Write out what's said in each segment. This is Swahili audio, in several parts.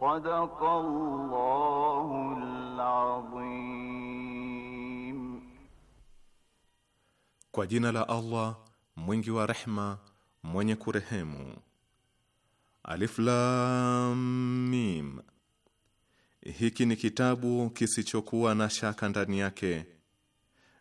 صدق الله العظيم Kwa jina la Allah mwingi wa rehma mwenye kurehemu Alif Lam Mim Hiki ni kitabu kisichokuwa na shaka ndani yake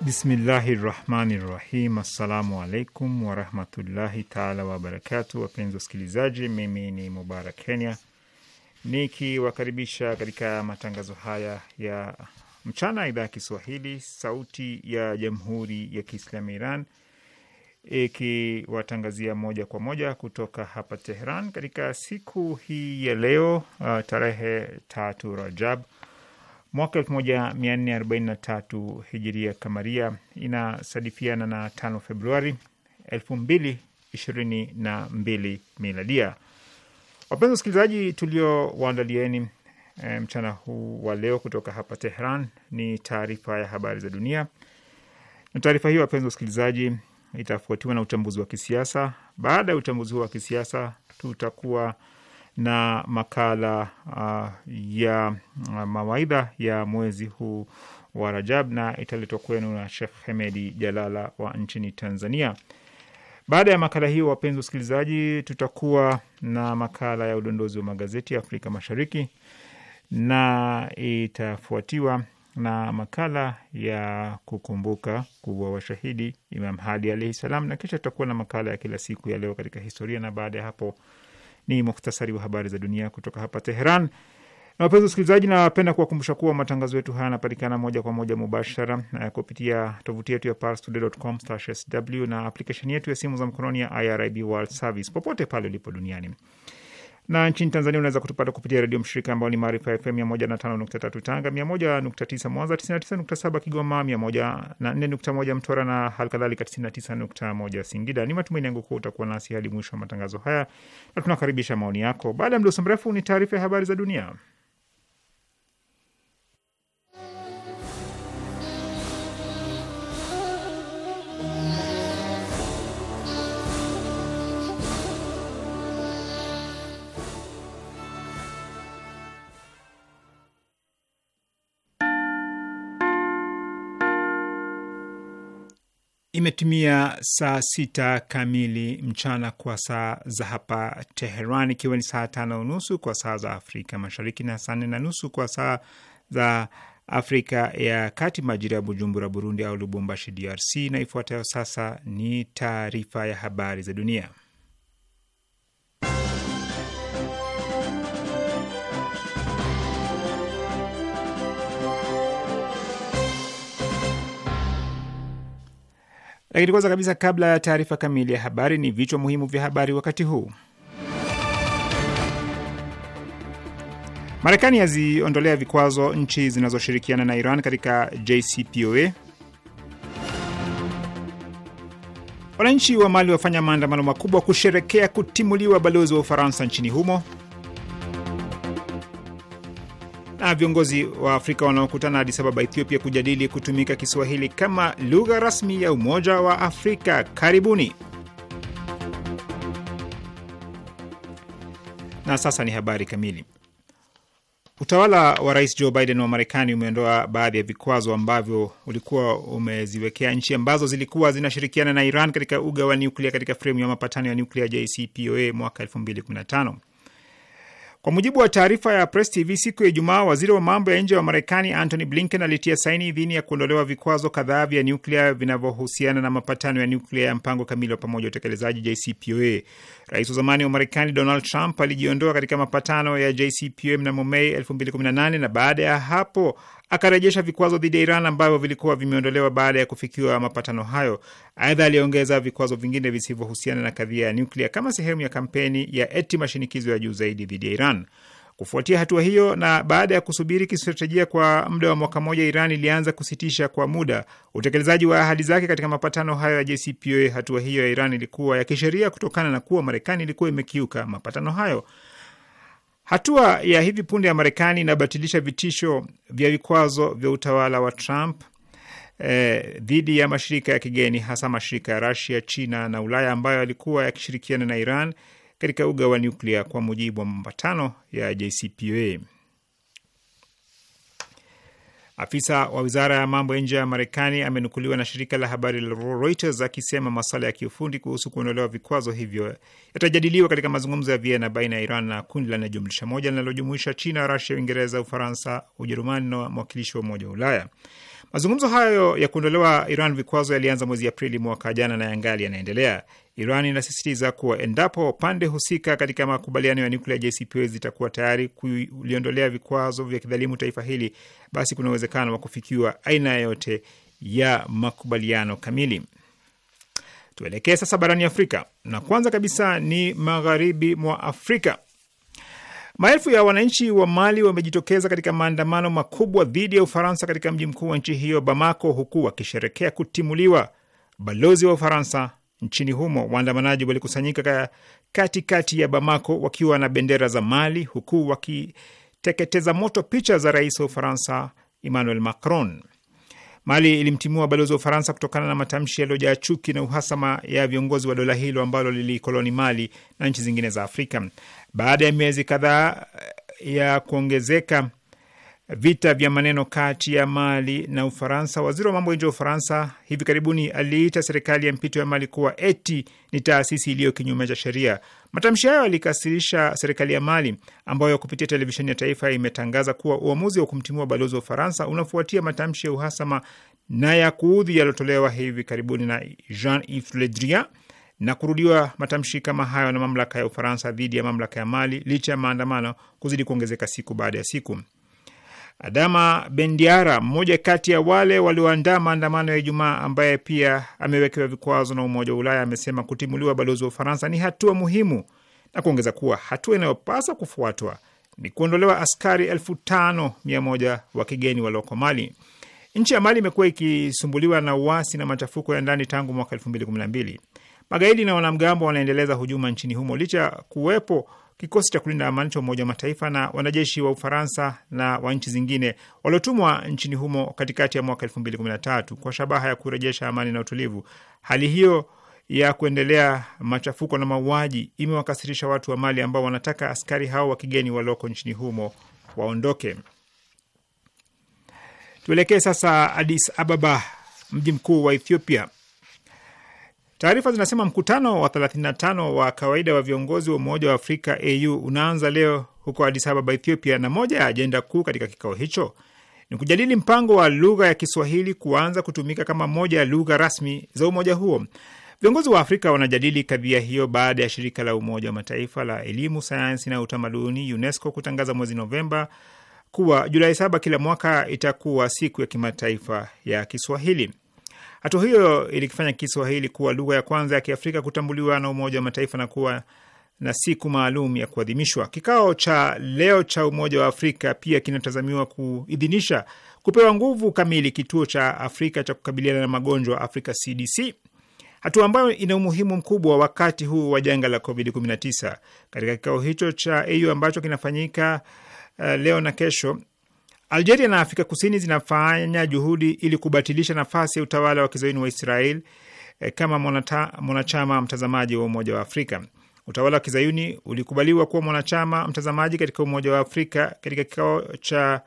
Bismillahi rahmani rahim. Assalamu alaikum warahmatullahi taala wabarakatu. Wapenzi wasikilizaji, mimi ni Mubarak Kenya nikiwakaribisha katika matangazo haya ya mchana, idhaa ya Kiswahili sauti ya jamhuri ya Kiislamu Iran ikiwatangazia moja kwa moja kutoka hapa Teheran katika siku hii ya leo uh, tarehe tatu Rajab mwaka tatu hijiria kamaria, inasadifiana na 5 Februari mbili miladia. Wapenzi wasikilizaji, waandalieni e, eh, mchana huu wa leo kutoka hapa Teheran ni taarifa ya habari za dunia, na taarifa hiyo wapenzi wasikilizaji itafuatiwa na uchambuzi wa kisiasa. Baada ya uchambuzi huo wa kisiasa, tutakuwa na makala uh, ya uh, mawaidha ya mwezi huu wa Rajab na italetwa kwenu na Shekh Hemedi Jalala wa nchini Tanzania. Baada ya makala hiyo, wapenzi wasikilizaji, tutakuwa na makala ya udondozi wa magazeti ya Afrika Mashariki na itafuatiwa na makala ya kukumbuka kuwa washahidi Imam Hadi alaihi salam, na kisha tutakuwa na makala ya kila siku ya leo katika historia, na baada ya hapo ni muhtasari wa habari za dunia kutoka hapa Teheran. Na wapenzi wasikilizaji, napenda kuwakumbusha kuwa matangazo yetu haya yanapatikana moja kwa moja mubashara eh, kupitia tovuti yetu ya parstoday.com/sw na aplikesheni yetu ya simu za mkononi ya IRIB World Service popote pale ulipo duniani na nchini Tanzania unaweza kutupata kupitia redio mshirika ambao ni Maarifa FM 105.3 Tanga, 101.9 Mwanza, 99.7 Kigoma, 104.1 Mtwara na halikadhalika 99.1 Singida. Ni matumaini yangu kuwa utakuwa nasi hadi mwisho wa matangazo haya, na tunakaribisha maoni yako. Baada ya mdoso mrefu, ni taarifa ya habari za dunia. Imetumia saa sita kamili mchana kwa saa za hapa Teheran, ikiwa ni saa tano unusu kwa saa za Afrika Mashariki na saa nne na nusu kwa saa za Afrika ya Kati, majira ya Bujumbura, Burundi, au Lubumbashi, DRC. Na ifuatayo sasa ni taarifa ya habari za dunia. Lakini kwanza kabisa, kabla ya taarifa kamili ya habari, ni vichwa muhimu vya habari wakati huu. Marekani yaziondolea vikwazo nchi zinazoshirikiana na Iran katika JCPOA. Wananchi wa Mali wafanya maandamano makubwa kusherekea kutimuliwa balozi wa Ufaransa nchini humo na viongozi wa Afrika wanaokutana Addis Ababa, Ethiopia, kujadili kutumika Kiswahili kama lugha rasmi ya Umoja wa Afrika. Karibuni. Na sasa ni habari kamili. Utawala wa rais Joe Biden wa Marekani umeondoa baadhi ya vikwazo ambavyo ulikuwa umeziwekea nchi ambazo zilikuwa zinashirikiana na Iran katika uga wa nyuklia katika fremu ya mapatano ya nyuklia JCPOA mwaka 2015. Kwa mujibu wa taarifa ya Press TV siku ya Ijumaa, waziri wa mambo ya nje wa Marekani Antony Blinken alitia saini idhini ya kuondolewa vikwazo kadhaa vya nyuklia vinavyohusiana na mapatano ya nyuklia ya mpango kamili wa pamoja utekelezaji JCPOA. Rais wa zamani wa Marekani Donald Trump alijiondoa katika mapatano ya JCPOA mnamo Mei 2018 na baada ya hapo akarejesha vikwazo dhidi ya Iran ambavyo vilikuwa vimeondolewa baada ya kufikiwa mapatano hayo. Aidha, aliongeza vikwazo vingine visivyohusiana na kadhia ya nyuklia kama sehemu ya kampeni ya eti mashinikizo ya juu zaidi dhidi ya Iran. Kufuatia hatua hiyo na baada ya kusubiri kistratejia kwa muda wa mwaka mmoja, Iran ilianza kusitisha kwa muda utekelezaji wa ahadi zake katika mapatano hayo ya JCPOA. Hatua hiyo ya Iran ilikuwa ya kisheria kutokana na kuwa Marekani ilikuwa imekiuka mapatano hayo. Hatua ya hivi punde ya Marekani inabatilisha vitisho vya vikwazo vya utawala wa Trump eh, dhidi ya mashirika ya kigeni hasa mashirika ya Rusia, China na Ulaya ambayo yalikuwa yakishirikiana na Iran katika uga wa nyuklia kwa mujibu wa mapatano ya JCPOA. Afisa wa wizara ya mambo ya nje ya Marekani amenukuliwa na shirika la habari la Reuters akisema masuala ya kiufundi kuhusu kuondolewa vikwazo hivyo yatajadiliwa katika mazungumzo ya Vienna baina ya Iran na kundi linalojumlisha moja linalojumuisha China, Rasia, Uingereza, Ufaransa, Ujerumani na mwakilishi wa Umoja wa Ulaya. Mazungumzo hayo ya kuondolewa Iran vikwazo yalianza mwezi Aprili mwaka jana na yangali yanaendelea. Iran inasisitiza kuwa endapo pande husika katika makubaliano ya nuklia JCPOA zitakuwa tayari kuliondolea vikwazo vya kidhalimu taifa hili, basi kuna uwezekano wa kufikiwa aina yyote ya makubaliano kamili. Tuelekee sasa barani Afrika na kwanza kabisa ni magharibi mwa Afrika. Maelfu ya wananchi wa Mali wamejitokeza katika maandamano makubwa dhidi ya Ufaransa katika mji mkuu wa nchi hiyo Bamako, huku wakisherekea kutimuliwa balozi wa Ufaransa nchini humo. Waandamanaji walikusanyika katikati ya Bamako wakiwa na bendera za Mali, huku wakiteketeza moto picha za rais wa Ufaransa Emmanuel Macron. Mali ilimtimua balozi wa Ufaransa kutokana na matamshi yaliyojaa chuki na uhasama ya viongozi wa dola hilo ambalo lilikoloni Mali na nchi zingine za Afrika. Baada ya miezi kadhaa eh, ya kuongezeka vita vya maneno kati ya Mali na Ufaransa, waziri wa mambo ya nje wa Ufaransa hivi karibuni aliita serikali ya mpito ya Mali kuwa eti ni taasisi iliyo kinyume cha sheria. Matamshi hayo alikasirisha serikali ya Mali ambayo kupitia televisheni ya taifa imetangaza kuwa uamuzi wa kumtimua balozi wa Ufaransa unafuatia matamshi ya uhasama na ya kuudhi yaliyotolewa hivi karibuni na Jean-Yves Le Drian na kurudiwa matamshi kama hayo na mamlaka ya Ufaransa dhidi ya mamlaka ya Mali licha ya maandamano kuzidi kuongezeka siku baada ya siku. Adama Bendiara, mmoja kati ya wale walioandaa maandamano ya Ijumaa, ambaye pia amewekewa vikwazo na Umoja wa Ulaya, amesema kutimuliwa balozi wa Ufaransa ni hatua muhimu na kuongeza kuwa hatua inayopaswa kufuatwa ni kuondolewa askari elfu tano mia moja wa kigeni walioko Mali. Nchi ya Mali imekuwa ikisumbuliwa na uasi na machafuko ya ndani tangu mwaka elfu mbili kumi na mbili. Magaidi na wanamgambo wanaendeleza hujuma nchini humo licha ya kuwepo kikosi cha kulinda amani cha Umoja wa Mataifa na wanajeshi wa Ufaransa na wa nchi zingine waliotumwa nchini humo katikati ya mwaka elfu mbili kumi na tatu kwa shabaha ya kurejesha amani na utulivu. Hali hiyo ya kuendelea machafuko na mauaji imewakasirisha watu wa Mali ambao wanataka askari hao wa kigeni walioko nchini humo waondoke. Tuelekee sasa Addis Ababa, mji mkuu wa Ethiopia Taarifa zinasema mkutano wa 35 wa kawaida wa viongozi wa Umoja wa Afrika AU unaanza leo huko Addis Ababa, Ethiopia, na moja ya ajenda kuu katika kikao hicho ni kujadili mpango wa lugha ya Kiswahili kuanza kutumika kama moja ya lugha rasmi za umoja huo. Viongozi wa Afrika wanajadili kadhia hiyo baada ya shirika la Umoja wa Mataifa la elimu, sayansi na utamaduni UNESCO kutangaza mwezi Novemba kuwa Julai saba kila mwaka itakuwa siku ya kimataifa ya Kiswahili. Hatua hiyo ilikifanya Kiswahili kuwa lugha ya kwanza ya Kiafrika kutambuliwa na Umoja wa Mataifa na kuwa na siku maalum ya kuadhimishwa. Kikao cha leo cha Umoja wa Afrika pia kinatazamiwa kuidhinisha kupewa nguvu kamili kituo cha Afrika cha kukabiliana na magonjwa Afrika CDC, hatua ambayo ina umuhimu mkubwa wakati huu wa janga la COVID-19. Katika kikao hicho cha AU ambacho kinafanyika uh, leo na kesho, Algeria na Afrika Kusini zinafanya juhudi ili kubatilisha nafasi ya utawala wa kizayuni wa Israel eh, kama monata, mwanachama mtazamaji wa Umoja wa Afrika. Utawala wa kizayuni ulikubaliwa kuwa mwanachama mtazamaji katika Umoja wa Afrika katika kikao cha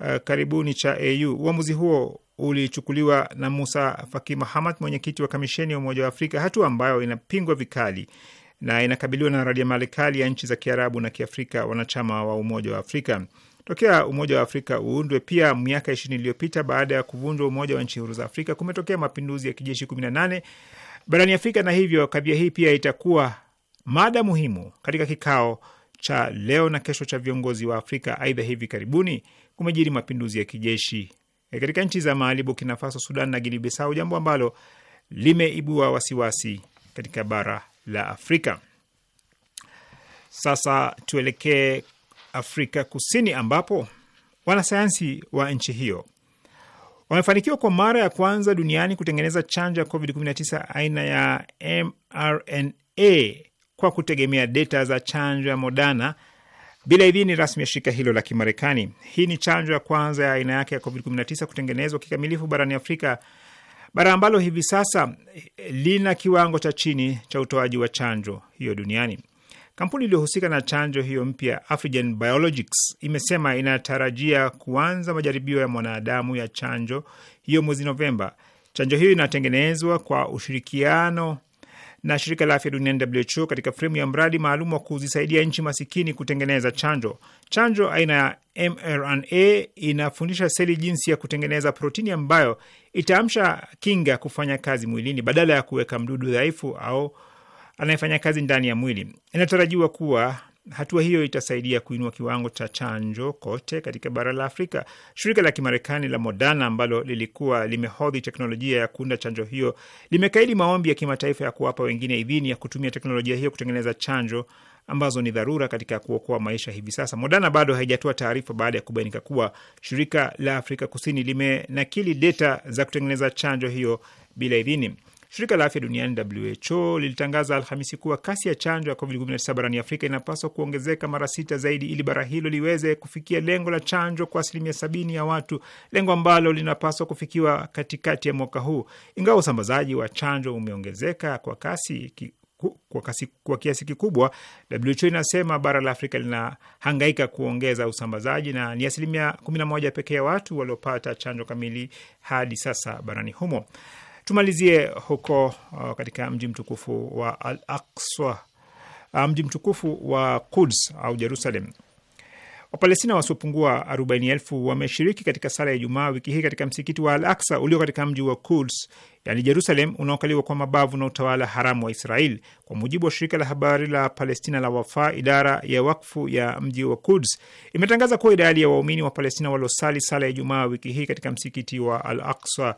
uh, karibuni cha AU. Uamuzi huo ulichukuliwa na Musa Faki Mahamat, mwenyekiti wa kamisheni ya Umoja wa Afrika, hatua ambayo inapingwa vikali na inakabiliwa na radiamali kali ya nchi za Kiarabu na Kiafrika wanachama wa Umoja wa Afrika. Tokea Umoja wa Afrika uundwe pia miaka ishirini iliyopita baada ya kuvunjwa Umoja wa Nchi Huru za Afrika kumetokea mapinduzi ya kijeshi kumi na nane barani Afrika, na hivyo kadhia hii pia itakuwa mada muhimu katika kikao cha leo na kesho cha viongozi wa Afrika. Aidha, hivi karibuni kumejiri mapinduzi ya kijeshi e katika nchi za Mali, Burkina Faso, Sudan na Guinea Bissau, jambo ambalo limeibua wasiwasi katika bara la Afrika. Sasa tuelekee Afrika Kusini, ambapo wanasayansi wa nchi hiyo wamefanikiwa kwa mara ya kwanza duniani kutengeneza chanjo ya COVID-19 aina ya mRNA kwa kutegemea data za chanjo ya Moderna bila idhini rasmi ya shirika hilo la Kimarekani. Hii ni chanjo ya kwanza ya aina yake ya COVID-19 kutengenezwa kikamilifu barani Afrika, bara ambalo hivi sasa lina kiwango cha chini cha utoaji wa chanjo hiyo duniani. Kampuni iliyohusika na chanjo hiyo mpya Afrigen Biologics imesema inatarajia kuanza majaribio ya mwanadamu ya chanjo hiyo mwezi Novemba. Chanjo hiyo inatengenezwa kwa ushirikiano na shirika la afya duniani WHO katika fremu ya mradi maalum wa kuzisaidia nchi masikini kutengeneza chanjo. Chanjo aina ya mRNA inafundisha seli jinsi ya kutengeneza protini ambayo itaamsha kinga kufanya kazi mwilini badala ya kuweka mdudu dhaifu au anayefanya kazi ndani ya mwili. Inatarajiwa kuwa hatua hiyo itasaidia kuinua kiwango cha chanjo kote katika bara la Afrika. Shirika la Kimarekani la Moderna ambalo lilikuwa limehodhi teknolojia ya kuunda chanjo hiyo limekaidi maombi ya kimataifa ya kuwapa wengine idhini ya kutumia teknolojia hiyo kutengeneza chanjo ambazo ni dharura katika kuokoa maisha hivi sasa. Moderna bado haijatoa taarifa baada ya kubainika kuwa shirika la Afrika Kusini limenakili data za kutengeneza chanjo hiyo bila idhini. Shirika la afya duniani WHO lilitangaza Alhamisi kuwa kasi ya chanjo ya COVID-19 barani Afrika inapaswa kuongezeka mara sita zaidi ili bara hilo liweze kufikia lengo la chanjo kwa asilimia sabini ya watu, lengo ambalo linapaswa kufikiwa katikati ya mwaka huu. Ingawa usambazaji wa chanjo umeongezeka kwa kasi kwa, kasi, kwa kiasi kikubwa, WHO inasema bara la Afrika linahangaika kuongeza usambazaji na ni asilimia 11 pekee ya watu waliopata chanjo kamili hadi sasa barani humo. Tumalizie huko uh, katika mji mtukufu wa Al Aqsa, uh, mji mtukufu wa Quds au Jerusalem. Wapalestina wasiopungua arobaini wameshiriki katika sala ya Ijumaa wiki hii katika msikiti wa Al Aksa ulio katika mji wa Quds, yani Jerusalem, unaokaliwa kwa mabavu na utawala haramu wa Israel. Kwa mujibu wa shirika la habari la Palestina la Wafa, idara ya wakfu ya mji wa Quds imetangaza kuwa idadi ya waumini wa Palestina waliosali sala ya Ijumaa wiki hii katika msikiti wa Al Aksa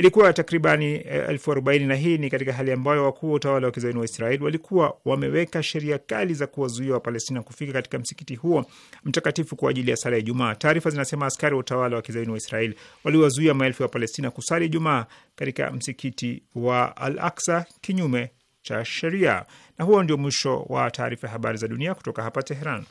ilikuwa takribani eh, elfu arobaini na hii ni katika hali ambayo wakuu wa utawala wa kizayuni wa Israeli walikuwa wameweka sheria kali za kuwazuia Wapalestina kufika katika msikiti huo mtakatifu kwa ajili ya sala ya Ijumaa. Taarifa zinasema askari wa utawala wa kizayuni wa Israeli waliwazuia maelfu ya Wapalestina kusali Ijumaa katika msikiti wa Al Aksa kinyume cha sheria. Na huo ndio mwisho wa taarifa ya habari za dunia kutoka hapa Teheran.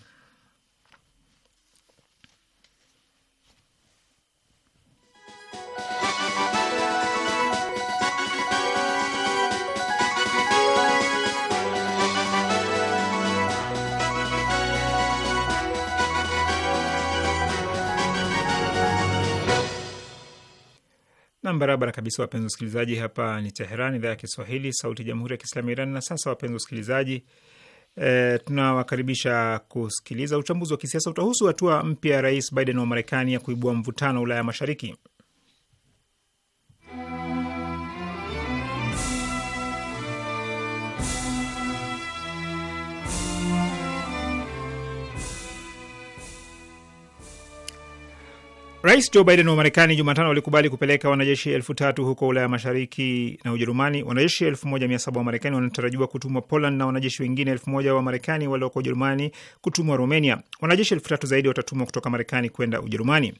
Nam barabara kabisa, wapenzi wasikilizaji, hapa ni Teheran, idhaa ya Kiswahili, sauti ya jamhuri ya kiislamu ya Iran. Na sasa wapenzi wasikilizaji, e, tunawakaribisha kusikiliza uchambuzi wa kisiasa. Utahusu hatua mpya ya rais Biden wa Marekani ya kuibua mvutano Ulaya Mashariki. Rais Joe Biden wa Marekani Jumatano walikubali kupeleka wanajeshi elfu tatu huko Ulaya Mashariki na Ujerumani. Wanajeshi elfu moja mia saba wa Marekani wanatarajiwa kutumwa Poland na wanajeshi wengine elfu moja wa Marekani walioko Ujerumani kutumwa Romania. Wanajeshi elfu tatu zaidi watatumwa kutoka Marekani kwenda Ujerumani.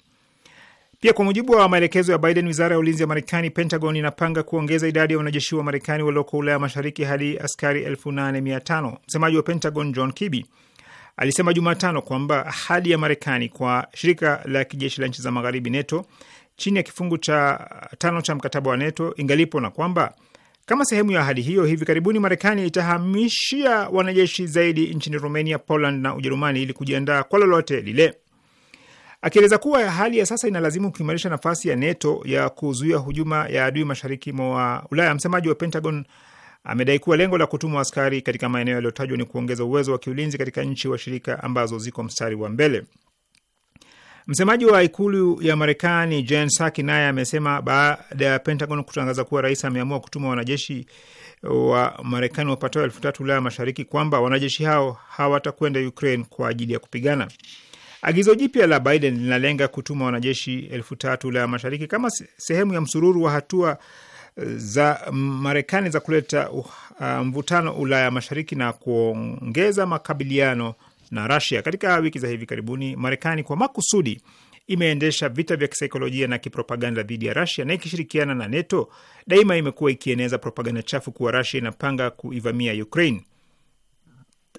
Pia kwa mujibu wa maelekezo ya Biden, wizara ya ulinzi ya Marekani, Pentagon, inapanga kuongeza idadi ya wanajeshi wa Marekani walioko Ulaya Mashariki hadi askari elfu nane mia tano. Msemaji wa Pentagon John Kirby alisema Jumatano kwamba ahadi ya Marekani kwa shirika la kijeshi la nchi za magharibi NATO chini ya kifungu cha tano cha mkataba wa NATO ingalipo na kwamba kama sehemu ya ahadi hiyo, hivi karibuni Marekani itahamishia wanajeshi zaidi nchini Romania, Poland na Ujerumani ili kujiandaa kwa lolote lile, akieleza kuwa hali ya sasa inalazimu kuimarisha nafasi ya NATO ya kuzuia hujuma ya adui mashariki mwa Ulaya. Msemaji wa Pentagon amedai kuwa lengo la kutumwa askari katika maeneo yaliyotajwa ni kuongeza uwezo wa kiulinzi katika nchi washirika ambazo ziko mstari wa mbele. Msemaji wa ikulu ya Marekani Jen Psaki naye amesema baada ya Pentagon kutangaza kuwa rais ameamua kutuma wanajeshi wa Marekani wapatao elfu tatu Ulaya Mashariki kwamba wanajeshi hao hawatakwenda Ukraine kwa ajili ya kupigana. Agizo jipya la Biden linalenga kutuma wanajeshi elfu tatu Ulaya Mashariki kama sehemu ya msururu wa hatua za Marekani za kuleta uh, mvutano Ulaya Mashariki na kuongeza makabiliano na rasia Katika wiki za hivi karibuni, Marekani kwa makusudi imeendesha vita vya kisaikolojia na kipropaganda dhidi ya rasia na ikishirikiana na NATO daima imekuwa ikieneza propaganda chafu kuwa rasia inapanga kuivamia Ukraine.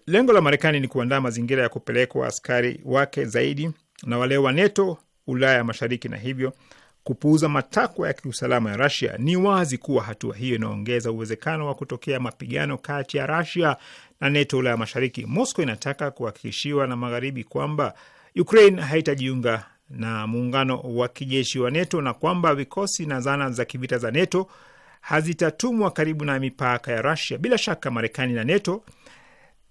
Lengo la Marekani ni kuandaa mazingira ya kupelekwa askari wake zaidi na wale wa NATO Ulaya Mashariki na hivyo kupuuza matakwa ya kiusalama ya Rasia. Ni wazi kuwa hatua hiyo inaongeza uwezekano wa kutokea mapigano kati ya Rasia na NATO Ulaya Mashariki. Moscow inataka kuhakikishiwa na Magharibi kwamba Ukraine haitajiunga na muungano wa kijeshi wa NATO na kwamba vikosi na zana za kivita za NATO hazitatumwa karibu na mipaka ya Rasia. Bila shaka, Marekani na NATO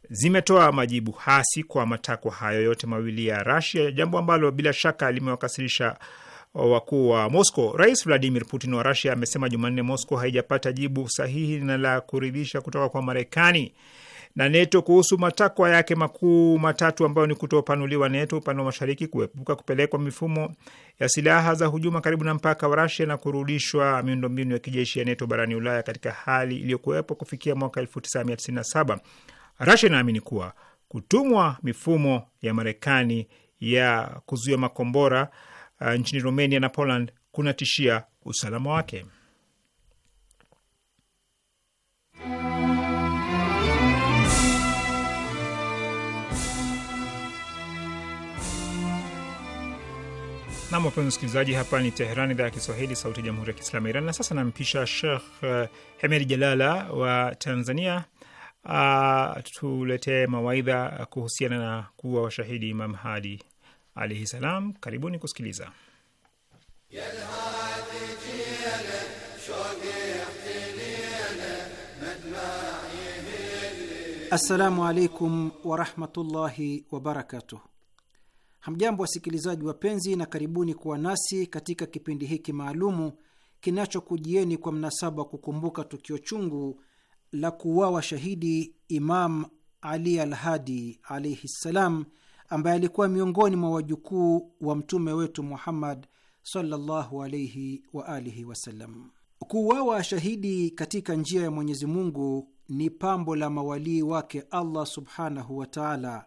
zimetoa majibu hasi kwa matakwa hayo yote mawili ya Rasia, jambo ambalo bila shaka limewakasirisha wakuu wa Moscow. Rais Vladimir Putin wa Rusia amesema Jumanne Moscow haijapata jibu sahihi na la kuridhisha kutoka kwa Marekani na NATO kuhusu matakwa yake makuu matatu ambayo ni kutopanuliwa NATO upande wa mashariki, kuepuka kupelekwa mifumo ya silaha za hujuma karibu na mpaka wa Rusia na kurudishwa miundombinu ya kijeshi ya NATO barani Ulaya katika hali iliyokuwepo kufikia mwaka 1997. Rusia inaamini kuwa kutumwa mifumo ya Marekani ya kuzuia makombora uh, nchini Romania na Poland kunatishia usalama wake. Nam, wapenzi msikilizaji, hapa ni Teheran, idhaa ya Kiswahili, sauti ya jamhuri ya kiislamu ya Iran. Na sasa nampisha Shekh uh, Jalala wa Tanzania uh, tuletee mawaidha kuhusiana na kuwa washahidi Imam Hadi alaihi salam. Karibuni kusikiliza Assalamu alaikum warahmatullahi wabarakatuh. Hamjambo wasikilizaji wapenzi, na karibuni kuwa nasi katika kipindi hiki maalumu kinachokujieni kwa mnasaba wa kukumbuka tukio chungu la kuuawa shahidi Imam Ali Alhadi alaihi ssalam, ambaye alikuwa miongoni mwa wajukuu wa mtume wetu Muhammad sallallahu wa alihi wasallam. Kuuawa shahidi katika njia ya Mwenyezi Mungu ni pambo la mawalii wake Allah subhanahu wa taala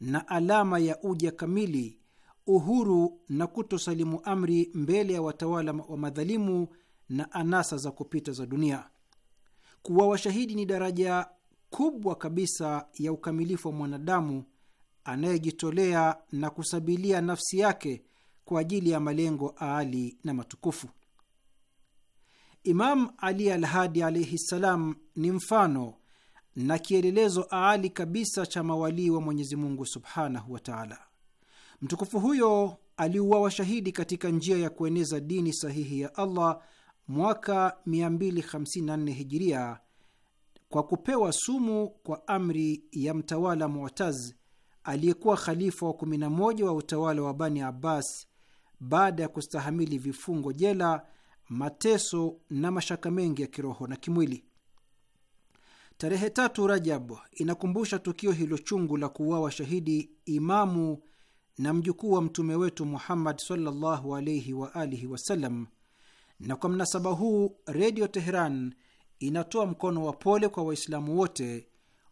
na alama ya uja kamili, uhuru na kutosalimu amri mbele ya watawala wa madhalimu na anasa za kupita za dunia. Kuuawa shahidi ni daraja kubwa kabisa ya ukamilifu wa mwanadamu anayejitolea na kusabilia nafsi yake kwa ajili ya malengo aali na matukufu. Imam Ali Alhadi alaihi ssalam ni mfano na kielelezo aali kabisa cha mawalii wa Mwenyezi Mungu subhanahu wa taala. Mtukufu huyo aliuawa shahidi katika njia ya kueneza dini sahihi ya Allah mwaka 254 hijiria kwa kupewa sumu kwa amri ya mtawala Muataz aliyekuwa khalifa wa 11 wa utawala wa Bani Abbas baada ya kustahamili vifungo jela, mateso na mashaka mengi ya kiroho na kimwili. Tarehe tatu Rajab inakumbusha tukio hilo chungu la kuuawa shahidi imamu na mjukuu wa mtume wetu Muhammad sallallahu alaihi wa alihi wasallam, na kwa mnasaba huu Redio Teheran inatoa mkono wa pole kwa Waislamu wote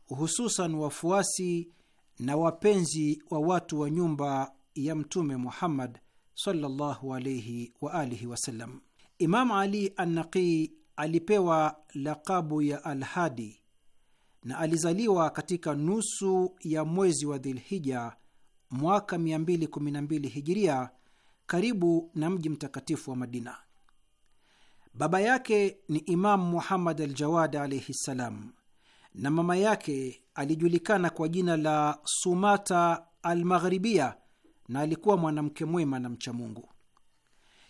hususan wafuasi na wapenzi wa watu wa nyumba ya Mtume Muhammad sallallahu alayhi wa alihi wasallam. Imam Ali Annaqi alipewa lakabu ya Alhadi na alizaliwa katika nusu ya mwezi wa Dhilhija mwaka 212 Hijiria, karibu na mji mtakatifu wa Madina. Baba yake ni Imamu Muhammad Aljawad alaihi ssalam na mama yake alijulikana kwa jina la Sumata Almagharibia na alikuwa mwanamke mwema na mcha Mungu.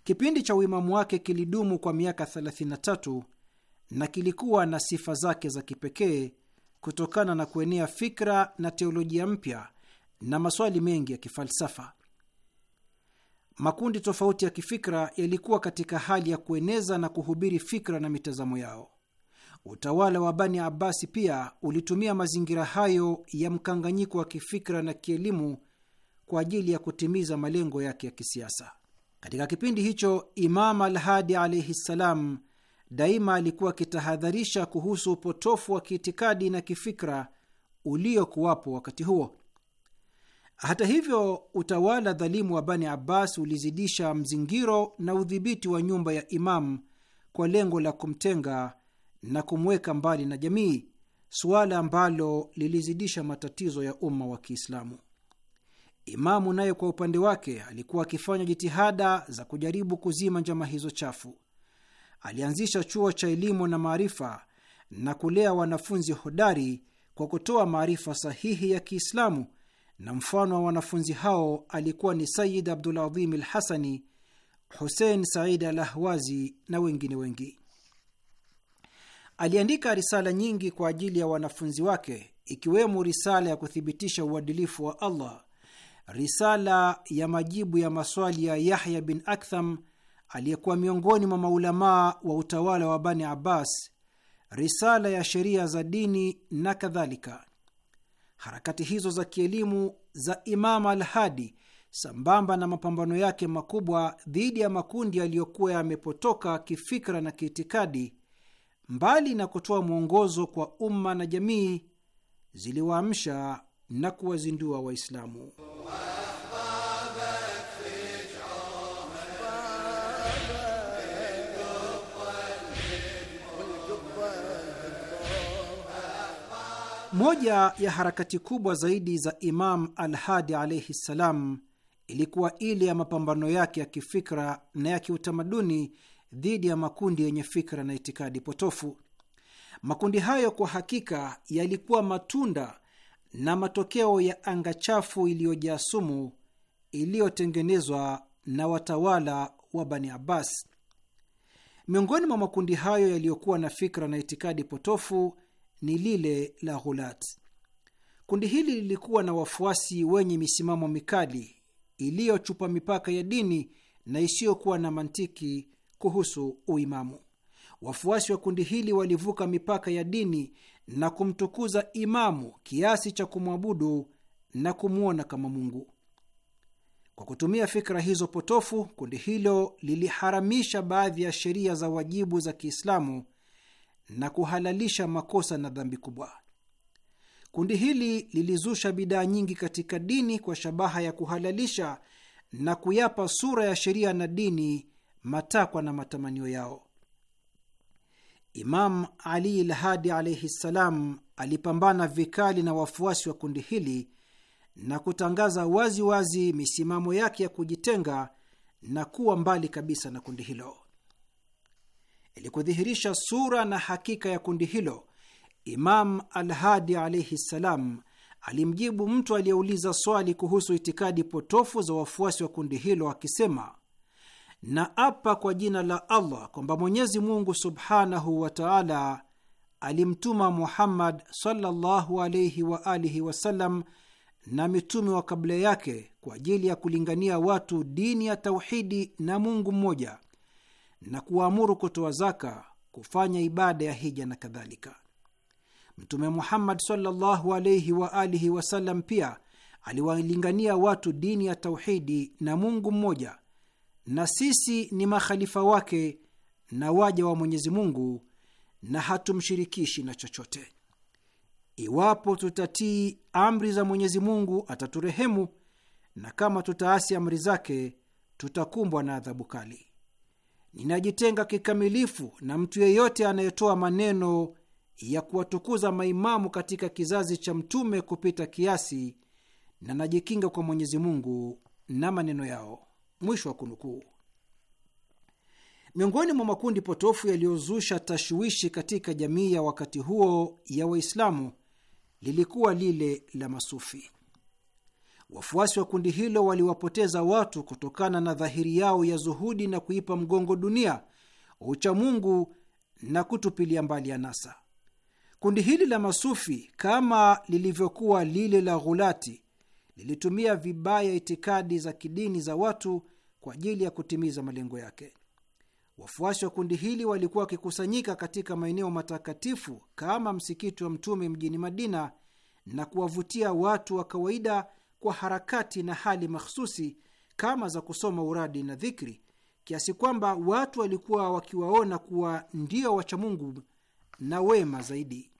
Kipindi cha uimamu wake kilidumu kwa miaka 33 na kilikuwa na sifa zake za kipekee kutokana na kuenea fikra na teolojia mpya na maswali mengi ya kifalsafa. Makundi tofauti ya kifikra yalikuwa katika hali ya kueneza na kuhubiri fikra na mitazamo yao. Utawala wa Bani Abbasi pia ulitumia mazingira hayo ya mkanganyiko wa kifikra na kielimu kwa ajili ya kutimiza malengo yake ya kisiasa. Katika kipindi hicho, Imam Alhadi alaihi ssalam daima alikuwa akitahadharisha kuhusu upotofu wa kiitikadi na kifikra uliokuwapo wakati huo. Hata hivyo, utawala dhalimu wa Bani Abbas ulizidisha mzingiro na udhibiti wa nyumba ya Imamu kwa lengo la kumtenga na kumweka mbali na jamii, suala ambalo lilizidisha matatizo ya umma wa Kiislamu. Imamu naye kwa upande wake alikuwa akifanya jitihada za kujaribu kuzima njama hizo chafu. Alianzisha chuo cha elimu na maarifa na kulea wanafunzi hodari kwa kutoa maarifa sahihi ya Kiislamu, na mfano wa wanafunzi hao alikuwa ni Sayid Abdul Adhim al Hasani, Husein Said al Ahwazi na wengine wengi. Aliandika risala nyingi kwa ajili ya wanafunzi wake, ikiwemo risala ya kuthibitisha uadilifu wa Allah, risala ya majibu ya maswali ya Yahya bin Aktham aliyekuwa miongoni mwa maulamaa wa utawala wa Bani Abbas, risala ya sheria za dini na kadhalika. Harakati hizo za kielimu za Imam Al-Hadi sambamba na mapambano yake makubwa dhidi ya makundi yaliyokuwa yamepotoka kifikra na kiitikadi mbali na kutoa mwongozo kwa umma na jamii, ziliwaamsha na kuwazindua Waislamu. Moja ya harakati kubwa zaidi za Imam Alhadi alaihi ssalam ilikuwa ile ya mapambano yake ya kifikra na ya kiutamaduni dhidi ya makundi yenye fikra na itikadi potofu. Makundi hayo kwa hakika yalikuwa matunda na matokeo ya anga chafu iliyojaa sumu iliyotengenezwa na watawala wa Bani Abbas. Miongoni mwa makundi hayo yaliyokuwa na fikra na itikadi potofu ni lile la Ghulat. Kundi hili lilikuwa na wafuasi wenye misimamo mikali iliyochupa mipaka ya dini na isiyokuwa na mantiki kuhusu uimamu. Wafuasi wa kundi hili walivuka mipaka ya dini na kumtukuza imamu kiasi cha kumwabudu na kumwona kama Mungu. Kwa kutumia fikra hizo potofu, kundi hilo liliharamisha baadhi ya sheria za wajibu za Kiislamu na kuhalalisha makosa na dhambi kubwa. Kundi hili lilizusha bidaa nyingi katika dini kwa shabaha ya kuhalalisha na kuyapa sura ya sheria na dini matakwa na matamanio yao. Imam Ali Lhadi alaihi ssalam alipambana vikali na wafuasi wa kundi hili na kutangaza waziwazi wazi misimamo yake ya kujitenga na kuwa mbali kabisa na kundi hilo. Ili kudhihirisha sura na hakika ya kundi hilo, Imam Alhadi alaihi ssalam alimjibu mtu aliyeuliza swali kuhusu itikadi potofu za wafuasi wa kundi hilo akisema, na apa kwa jina la Allah kwamba Mwenyezi Mungu subhanahu wa taala alimtuma Muhammad sallallahu alaihi wa alihi wasallam na mitume wa kabla yake kwa ajili ya kulingania watu dini ya tauhidi na Mungu mmoja na kuwaamuru kutoa zaka, kufanya ibada ya hija na kadhalika. Mtume Muhammad sallallahu alaihi wa alihi wasallam pia aliwalingania watu dini ya tauhidi na Mungu mmoja na sisi ni makhalifa wake na waja wa Mwenyezi Mungu na hatumshirikishi na chochote. Iwapo tutatii amri za Mwenyezi Mungu ataturehemu, na kama tutaasi amri zake tutakumbwa na adhabu kali. Ninajitenga kikamilifu na mtu yeyote anayetoa maneno ya kuwatukuza maimamu katika kizazi cha Mtume kupita kiasi, na najikinga kwa Mwenyezi Mungu na maneno yao. Mwisho wa kunukuu. Miongoni mwa makundi potofu yaliyozusha tashwishi katika jamii ya wakati huo ya Waislamu lilikuwa lile la masufi. Wafuasi wa kundi hilo waliwapoteza watu kutokana na dhahiri yao ya zuhudi na kuipa mgongo dunia, uchamungu na kutupilia mbali anasa. Kundi hili la masufi, kama lilivyokuwa lile la ghulati, lilitumia vibaya itikadi za kidini za watu kwa ajili ya kutimiza malengo yake. Wafuasi wa kundi hili walikuwa wakikusanyika katika maeneo matakatifu kama msikiti wa Mtume mjini Madina na kuwavutia watu wa kawaida kwa harakati na hali mahsusi kama za kusoma uradi na dhikri, kiasi kwamba watu walikuwa wakiwaona kuwa ndio wachamungu na wema zaidi.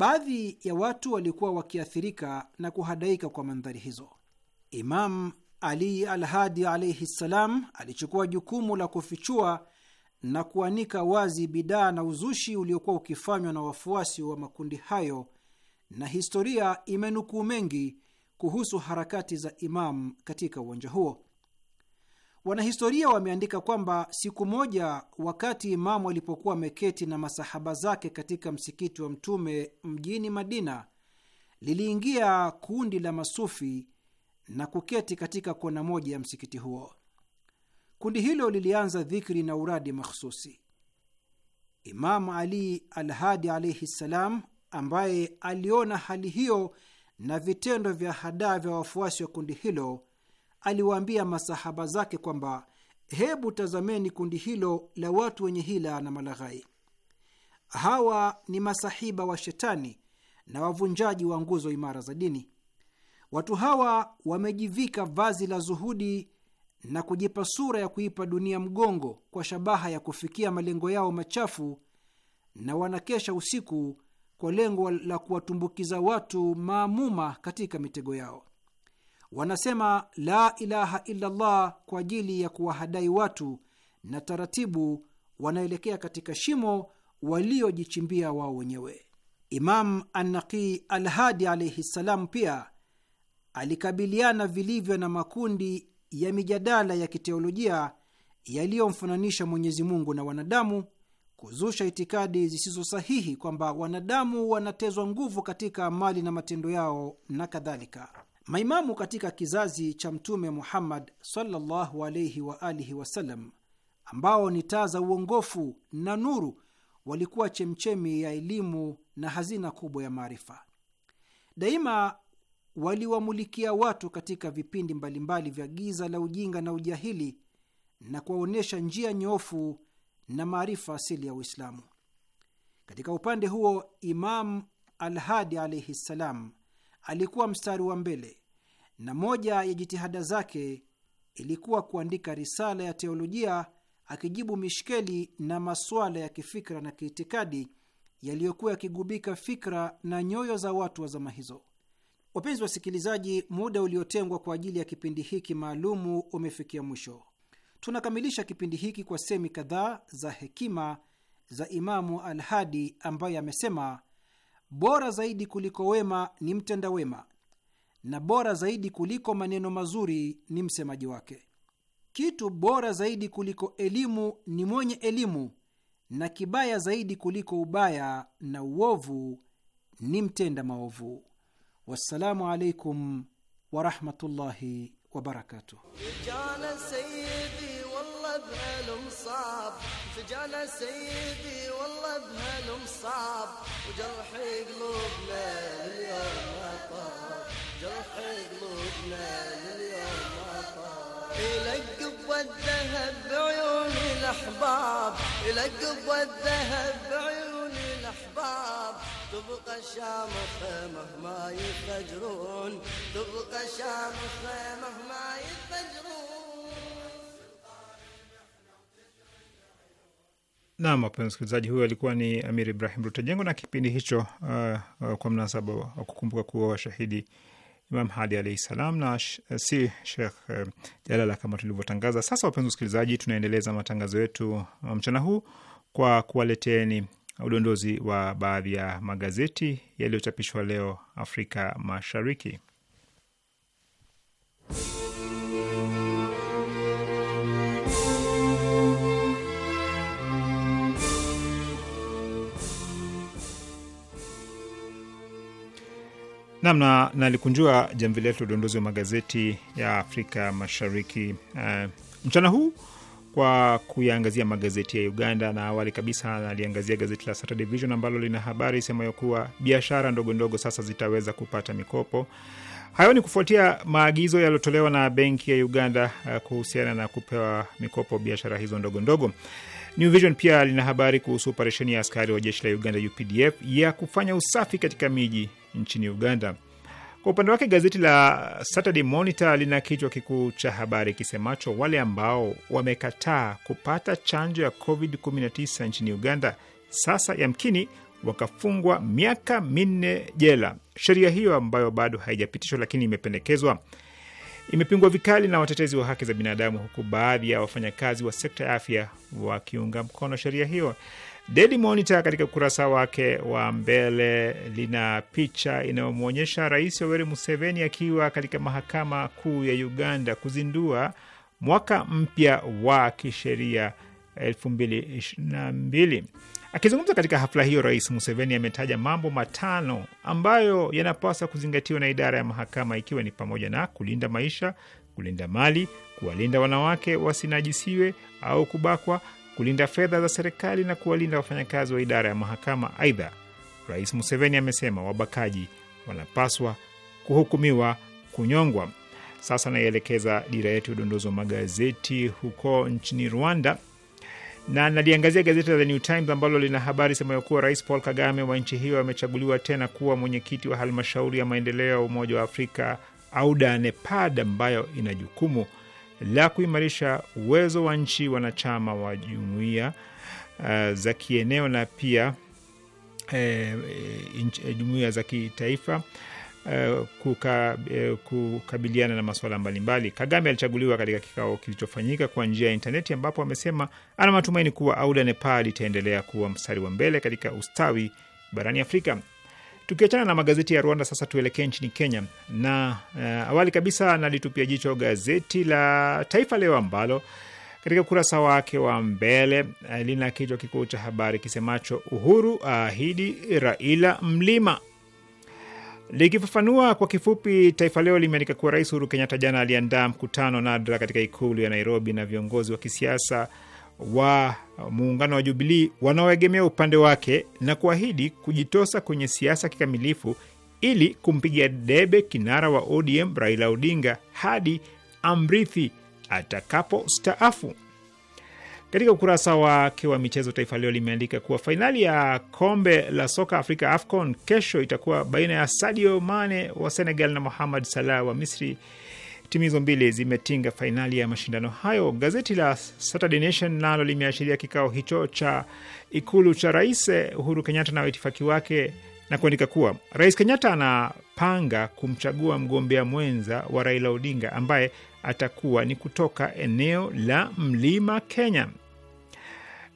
Baadhi ya watu walikuwa wakiathirika na kuhadaika kwa mandhari hizo. Imam Ali Alhadi alaihi ssalam alichukua jukumu la kufichua na kuanika wazi bidaa na uzushi uliokuwa ukifanywa na wafuasi wa makundi hayo, na historia imenukuu mengi kuhusu harakati za Imam katika uwanja huo. Wanahistoria wameandika kwamba siku moja, wakati Imamu alipokuwa ameketi na masahaba zake katika msikiti wa Mtume mjini Madina, liliingia kundi la masufi na kuketi katika kona moja ya msikiti huo. Kundi hilo lilianza dhikri na uradi makhususi. Imamu Ali Alhadi alaihi ssalam, ambaye aliona hali hiyo na vitendo vya hadaa vya wafuasi wa kundi hilo aliwaambia masahaba zake kwamba hebu tazameni kundi hilo la watu wenye hila na malaghai. Hawa ni masahiba wa shetani na wavunjaji wa nguzo imara za dini. Watu hawa wamejivika vazi la zuhudi na kujipa sura ya kuipa dunia mgongo kwa shabaha ya kufikia malengo yao machafu, na wanakesha usiku kwa lengo la kuwatumbukiza watu maamuma katika mitego yao wanasema la ilaha illallah kwa ajili ya kuwahadai watu, na taratibu wanaelekea katika shimo waliojichimbia wao wenyewe. Imam Annaqi Alhadi alaihi ssalam pia alikabiliana vilivyo na makundi ya mijadala ya kiteolojia yaliyomfananisha Mwenyezi Mungu na wanadamu, kuzusha itikadi zisizo sahihi kwamba wanadamu wanatezwa nguvu katika mali na matendo yao na kadhalika. Maimamu katika kizazi cha Mtume Muhammad sallallahu wa alihi wasallam, ambao ni taa za uongofu na nuru, walikuwa chemchemi ya elimu na hazina kubwa ya maarifa. Daima waliwamulikia watu katika vipindi mbalimbali vya giza la ujinga na ujahili na kuwaonyesha njia nyofu na maarifa asili ya Uislamu. Katika upande huo, Imam Alhadi alaihi ssalam alikuwa mstari wa mbele na moja ya jitihada zake ilikuwa kuandika risala ya teolojia akijibu mishkeli na masuala ya kifikra na kiitikadi yaliyokuwa yakigubika fikra na nyoyo za watu wa zama hizo. Wapenzi wasikilizaji, muda uliotengwa kwa ajili ya kipindi hiki maalumu umefikia mwisho. Tunakamilisha kipindi hiki kwa semi kadhaa za hekima za Imamu Alhadi ambaye amesema Bora zaidi kuliko wema ni mtenda wema, na bora zaidi kuliko maneno mazuri ni msemaji wake. Kitu bora zaidi kuliko elimu ni mwenye elimu, na kibaya zaidi kuliko ubaya na uovu ni mtenda maovu. Wassalamu alaikum warahmatullahi wabarakatuh. بهالمصاب فجانا سيدي والله بهالمصاب وجرحي قلوبنا اليوم ما طاب جرحي قلوبنا اليوم ما طاب يلقب والذهب بعيون الاحباب يلقب والذهب بعيون الاحباب تبقى شامخة مهما يفجرون تبقى شامخة مهما يفجرون Nam, wapenzi msikilizaji, huyo alikuwa ni Amir Ibrahim Rutajengo na kipindi hicho uh, uh, kwa mnasaba wa kukumbuka kuwa washahidi Imam Hadi alaihi salam na sh, uh, si Shekh uh, Jalala kama tulivyotangaza. Sasa wapenzi wasikilizaji, tunaendeleza matangazo yetu uh, mchana huu kwa kuwaleteni udondozi wa baadhi ya magazeti yaliyochapishwa leo Afrika Mashariki. Namna nalikunjua jamvi letu udondozi wa magazeti ya Afrika Mashariki uh, mchana huu kwa kuyaangazia magazeti ya Uganda, na awali kabisa naliangazia gazeti la Saturday Vision ambalo lina habari isemayo kuwa biashara ndogo ndogo sasa zitaweza kupata mikopo. Hayo ni kufuatia maagizo yaliyotolewa na benki ya Uganda eh, kuhusiana na kupewa mikopo biashara hizo ndogo ndogo. New Vision pia lina habari kuhusu operesheni ya askari wa jeshi la Uganda UPDF ya kufanya usafi katika miji nchini Uganda. Kwa upande wake gazeti la Saturday Monitor lina kichwa kikuu cha habari kisemacho wale ambao wamekataa kupata chanjo ya COVID-19 nchini Uganda sasa yamkini wakafungwa miaka minne jela. Sheria hiyo ambayo bado haijapitishwa lakini imependekezwa imepingwa vikali na watetezi wa haki za binadamu, huku baadhi ya wafanyakazi wa sekta ya afya wakiunga mkono sheria hiyo. Daily Monitor katika ukurasa wake wa mbele lina picha inayomwonyesha Rais Yoweri Museveni akiwa katika mahakama kuu ya Uganda kuzindua mwaka mpya wa kisheria 2022. Akizungumza katika hafla hiyo, Rais Museveni ametaja mambo matano ambayo yanapaswa kuzingatiwa na idara ya mahakama, ikiwa ni pamoja na kulinda maisha, kulinda mali, kuwalinda wanawake wasinajisiwe au kubakwa, kulinda fedha za serikali na kuwalinda wafanyakazi wa idara ya mahakama. Aidha, Rais Museveni amesema wabakaji wanapaswa kuhukumiwa kunyongwa. Sasa naielekeza dira yetu ya udondozi wa magazeti huko nchini Rwanda na naliangazia gazeti la The New Times ambalo lina habari semayo kuwa Rais Paul Kagame wa nchi hiyo amechaguliwa tena kuwa mwenyekiti wa halmashauri ya maendeleo ya Umoja wa Afrika AUDA NEPAD ambayo ina jukumu la kuimarisha uwezo wa nchi wanachama wa jumuiya uh, za kieneo na pia eh, eh, eh jumuiya za kitaifa Eh, kuka, eh, kukabiliana na masuala mbalimbali. Kagame alichaguliwa katika kikao kilichofanyika kwa njia ya intaneti, ambapo amesema ana matumaini kuwa AUDA Nepal itaendelea kuwa mstari wa mbele katika ustawi barani Afrika. Tukiachana na magazeti ya Rwanda, sasa tuelekee nchini Kenya na uh, awali kabisa nalitupia jicho gazeti la Taifa Leo ambalo katika ukurasa wake wa mbele lina kichwa kikuu cha habari kisemacho Uhuru aahidi Raila mlima. Likifafanua kwa kifupi, Taifa Leo limeandika kuwa Rais Uhuru Kenyatta jana aliandaa mkutano nadra katika ikulu ya Nairobi na viongozi wa kisiasa wa muungano wa Jubilii wanaoegemea upande wake na kuahidi kujitosa kwenye siasa kikamilifu ili kumpigia debe kinara wa ODM Raila Odinga hadi amrithi atakapo staafu. Katika ukurasa wake wa michezo, Taifa Leo limeandika kuwa fainali ya kombe la soka Afrika AFCON kesho itakuwa baina ya Sadio Mane wa Senegal na Mohamed Salah wa Misri. Timu hizo mbili zimetinga fainali ya mashindano hayo. Gazeti la Saturday Nation nalo limeashiria kikao hicho cha ikulu cha Rais Uhuru Kenyatta na waitifaki wake na kuandika kuwa Rais Kenyatta anapanga kumchagua mgombea mwenza wa Raila Odinga ambaye atakuwa ni kutoka eneo la mlima Kenya.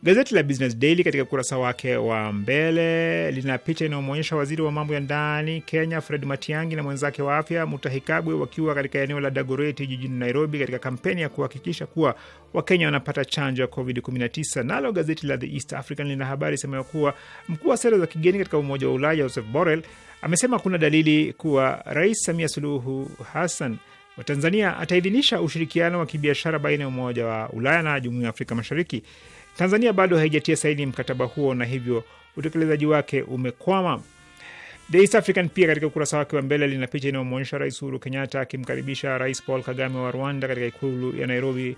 Gazeti la Business Daily katika ukurasa wake wa mbele lina picha inayomwonyesha waziri wa mambo ya ndani Kenya Fred Matiang'i na mwenzake wa afya Mutahi Kagwe wakiwa katika eneo la Dagoreti jijini Nairobi katika kampeni ya kuhakikisha kuwa Wakenya wanapata chanjo ya COVID-19. Nalo gazeti la The East African lina habari isemayo kuwa mkuu wa sera za kigeni katika Umoja wa Ulaya Joseph Borrell amesema kuna dalili kuwa Rais Samia Suluhu Hassan Tanzania ataidhinisha ushirikiano wa kibiashara baina ya Umoja wa Ulaya na Jumuiya ya Afrika Mashariki. Tanzania bado haijatia saini mkataba huo na hivyo utekelezaji wake umekwama. The East African pia katika ukurasa wake wa mbele lina picha inayomwonyesha Rais Uhuru Kenyatta akimkaribisha Rais Paul Kagame wa Rwanda katika ikulu ya Nairobi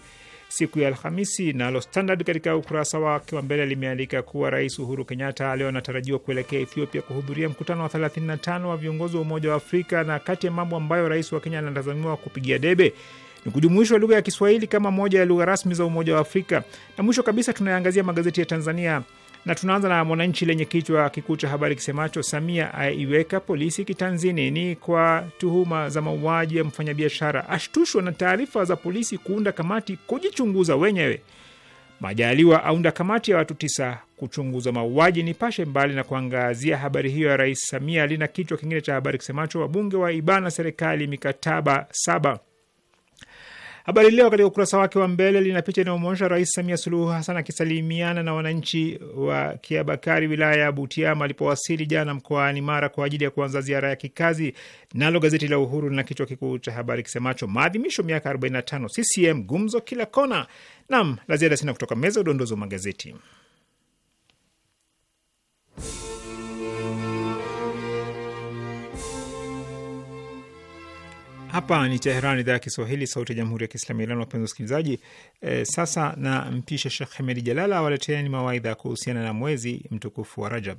siku ya Alhamisi. Nalo Standard katika ukurasa wake wa mbele limeandika kuwa Rais Uhuru Kenyatta leo anatarajiwa kuelekea Ethiopia kuhudhuria mkutano wa 35 wa viongozi wa Umoja wa Afrika, na kati ya mambo ambayo rais wa Kenya anatazamiwa kupigia debe ni kujumuishwa lugha ya Kiswahili kama moja ya lugha rasmi za Umoja wa Afrika. Na mwisho kabisa tunayaangazia magazeti ya Tanzania na tunaanza na Mwananchi lenye kichwa kikuu cha habari kisemacho Samia aiweka polisi kitanzini ni kwa tuhuma za mauaji ya mfanyabiashara, ashtushwa na taarifa za polisi kuunda kamati kujichunguza wenyewe. Majaliwa aunda kamati ya watu tisa kuchunguza mauaji. Nipashe mbali na kuangazia habari hiyo ya Rais Samia, lina kichwa kingine cha habari kisemacho wabunge wa ibana serikali mikataba saba Habari Leo katika ukurasa wake wa mbele lina picha inayomwonyesha Rais Samia Suluhu Hassan akisalimiana na wananchi wa Kiabakari, wilaya ya Butiama, alipowasili jana mkoani Mara kwa ajili ya kuanza ziara ya kikazi. Nalo gazeti la Uhuru lina kichwa kikuu cha habari kisemacho maadhimisho miaka 45 CCM gumzo kila kona. Nam la ziada sina kutoka meza udondozi wa magazeti Hapa ni Teheran, idhaa ya Kiswahili, sauti ya jamhuri ya kiislamu ya Iran. Wapenzi wasikilizaji, e, sasa na mpisha Shekh Hemedi Jalala awaleteeni mawaidha kuhusiana na mwezi mtukufu wa Rajab.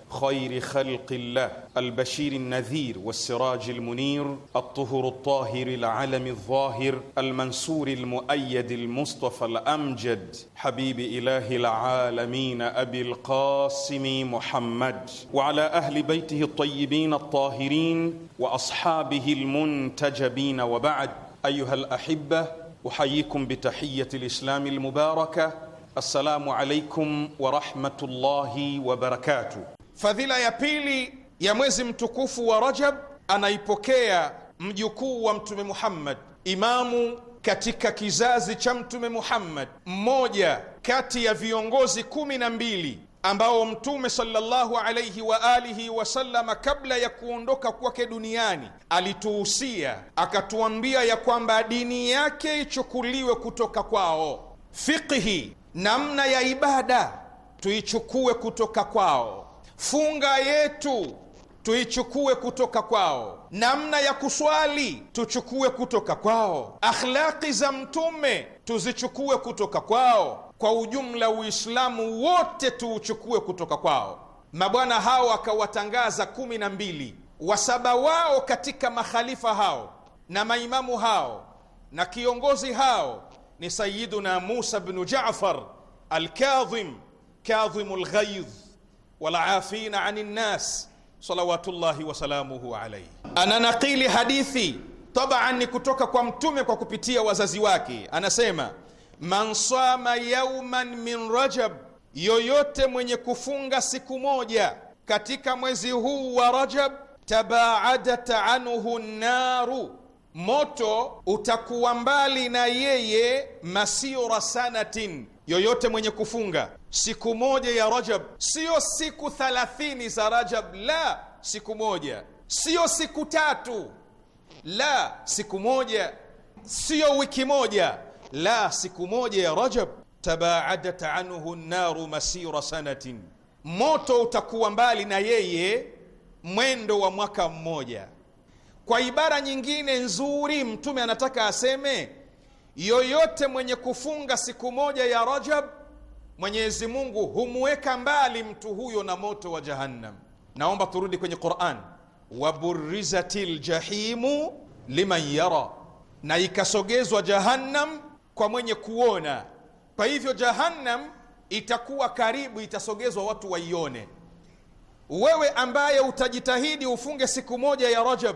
خير خلق الله البشير النذير والسراج المنير الطهر الطاهر العلم الظاهر المنصور المؤيد المصطفى الأمجد حبيب إله العالمين أبي القاسم محمد وعلى أهل بيته الطيبين الطاهرين وأصحابه المنتجبين وبعد أيها الأحبة أحييكم بتحية الإسلام المباركة السلام عليكم ورحمه الله وبركاته Fadhila ya pili ya mwezi mtukufu wa Rajab anaipokea mjukuu wa Mtume Muhammad, imamu katika kizazi cha Mtume Muhammad, mmoja kati ya viongozi kumi na mbili ambao Mtume sallallahu alaihi wa alihi wasallama kabla ya kuondoka kwake duniani alituhusia, akatuambia ya kwamba dini yake ichukuliwe kutoka kwao, fikhi, namna ya ibada tuichukue kutoka kwao funga yetu tuichukue kutoka kwao, namna ya kuswali tuchukue kutoka kwao, akhlaqi za Mtume tuzichukue kutoka kwao. Kwa ujumla, Uislamu wote tuuchukue kutoka kwao. Mabwana hao akawatangaza kumi na mbili, wasaba wao katika makhalifa hao na maimamu hao na kiongozi hao ni Sayiduna Musa bnu Jafar Alkadhim, Kadhimu Lghaidh walafina ani nnas salawatullahi wasalamuhu alaihi. Ananakili hadithi taban ni kutoka kwa Mtume kwa kupitia wazazi wake, anasema man sama yauman min Rajab, yoyote mwenye kufunga siku moja katika mwezi huu wa Rajab, tabaadat anhu nnaru, moto utakuwa mbali na yeye, masira sanatin, yoyote mwenye kufunga siku moja ya Rajab, siyo siku thalathini za Rajab, la siku moja, siyo siku tatu, la siku moja, siyo wiki moja, la siku moja ya Rajab. Tabaadat anhu naru masira sanatin, moto utakuwa mbali na yeye mwendo wa mwaka mmoja. Kwa ibara nyingine nzuri, Mtume anataka aseme yoyote mwenye kufunga siku moja ya Rajab Mwenyezi Mungu humweka mbali mtu huyo na moto wa Jahannam. Naomba turudi kwenye Qur'an, waburizatil jahimu liman yara, na ikasogezwa Jahannam kwa mwenye kuona. Kwa hivyo Jahannam itakuwa karibu, itasogezwa watu waione. Wewe ambaye utajitahidi ufunge siku moja ya Rajab,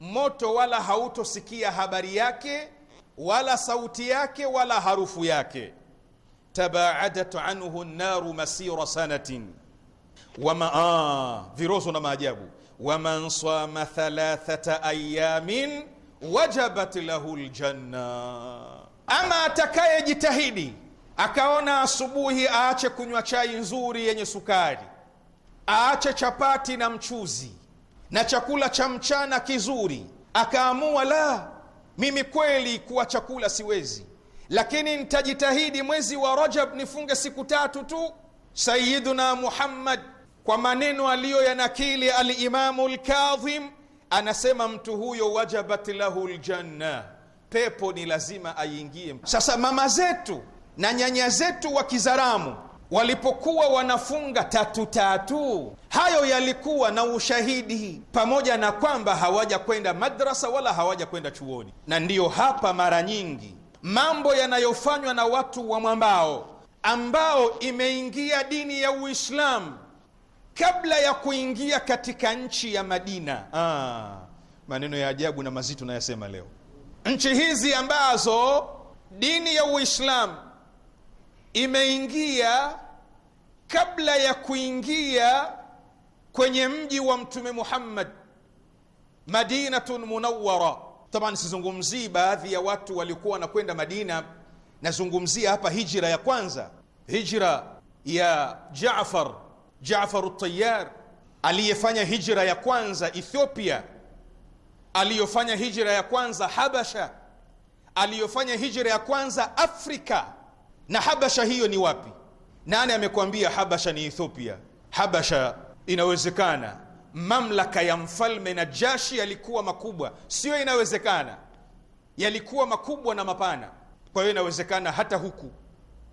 moto wala hautosikia habari yake wala sauti yake wala harufu yake tabaadat anhu naru masira sanatin wama, aa, ah, virozo na maajabu. Waman sama thalathata ayamin wajabat lahu ljanna, ama atakaye jitahidi akaona asubuhi aache kunywa chai nzuri yenye sukari, aache chapati na mchuzi na chakula cha mchana kizuri, akaamua la, mimi kweli kuwa chakula siwezi lakini nitajitahidi mwezi wa Rajab nifunge siku tatu tu. sayiduna Muhammad kwa maneno aliyo yanakili Alimamu Lkadhim anasema mtu huyo wajabat lahu ljanna, pepo ni lazima aingie. Sasa mama zetu na nyanya zetu wa Kizaramu walipokuwa wanafunga tatu tatu, hayo yalikuwa na ushahidi, pamoja na kwamba hawaja kwenda madrasa wala hawaja kwenda chuoni, na ndiyo hapa mara nyingi mambo yanayofanywa na watu wa mwambao ambao imeingia dini ya Uislamu kabla ya kuingia katika nchi ya Madina. Ah, maneno ya ajabu na mazito nayasema leo. Nchi hizi ambazo dini ya Uislamu imeingia kabla ya kuingia kwenye mji wa Mtume Muhammad, Madinatun Munawwara Tabani, sizungumzii baadhi ya watu waliokuwa wanakwenda Madina, nazungumzia hapa hijra ya kwanza, hijra ya Jaafar Jaafar at-Tayyar aliyefanya hijra ya kwanza Ethiopia, aliyofanya hijra ya kwanza Habasha, aliyofanya hijra ya kwanza Afrika. Na Habasha hiyo ni wapi? Nani amekwambia Habasha ni Ethiopia? Habasha inawezekana mamlaka ya mfalme Najashi yalikuwa makubwa, sio inawezekana, yalikuwa makubwa na mapana. Kwa hiyo inawezekana hata huku,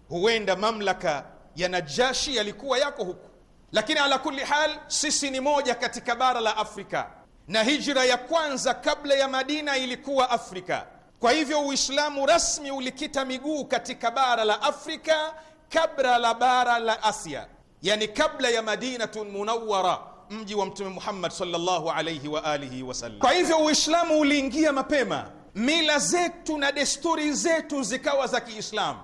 huenda mamlaka ya Najashi yalikuwa yako huku, lakini ala kulli hal, sisi ni moja katika bara la Afrika, na hijra ya kwanza kabla ya Madina ilikuwa Afrika. Kwa hivyo Uislamu rasmi ulikita miguu katika bara la Afrika kabla la bara la Asia, yani kabla ya Madinatun Munawara mji wa Mtume Muhammad sallallahu alayhi wa alihi sallam. Kwa hivyo Uislamu uliingia mapema, mila zetu na desturi zetu zikawa za Kiislamu,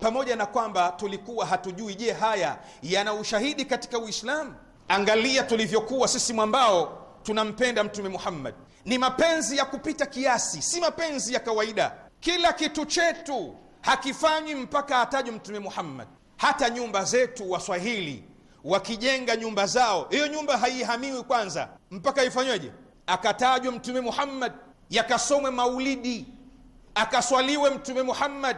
pamoja na kwamba tulikuwa hatujui. Je, haya yana ushahidi katika Uislamu? Angalia tulivyokuwa sisi mwambao tunampenda Mtume Muhammad, ni mapenzi ya kupita kiasi, si mapenzi ya kawaida. Kila kitu chetu hakifanywi mpaka atajwe Mtume Muhammad. Hata nyumba zetu Waswahili wakijenga nyumba zao, hiyo nyumba haihamiwi kwanza mpaka ifanyweje? Akatajwe Mtume Muhammad, yakasomwe maulidi, akaswaliwe Mtume Muhammad,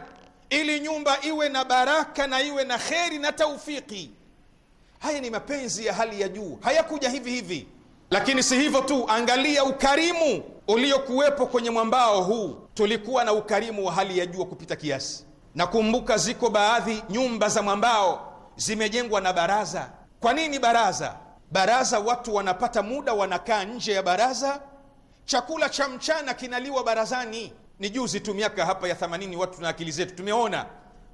ili nyumba iwe na baraka na iwe na kheri na taufiki. Haya ni mapenzi ya hali ya juu, hayakuja hivi hivi. Lakini si hivyo tu, angalia ukarimu uliokuwepo kwenye mwambao huu. Tulikuwa na ukarimu wa hali ya juu kupita kiasi. Nakumbuka ziko baadhi nyumba za mwambao zimejengwa na baraza kwa nini baraza? Baraza watu wanapata muda, wanakaa nje ya baraza, chakula cha mchana kinaliwa barazani. Ni juzi tu miaka hapa ya themanini, watu na akili zetu tumeona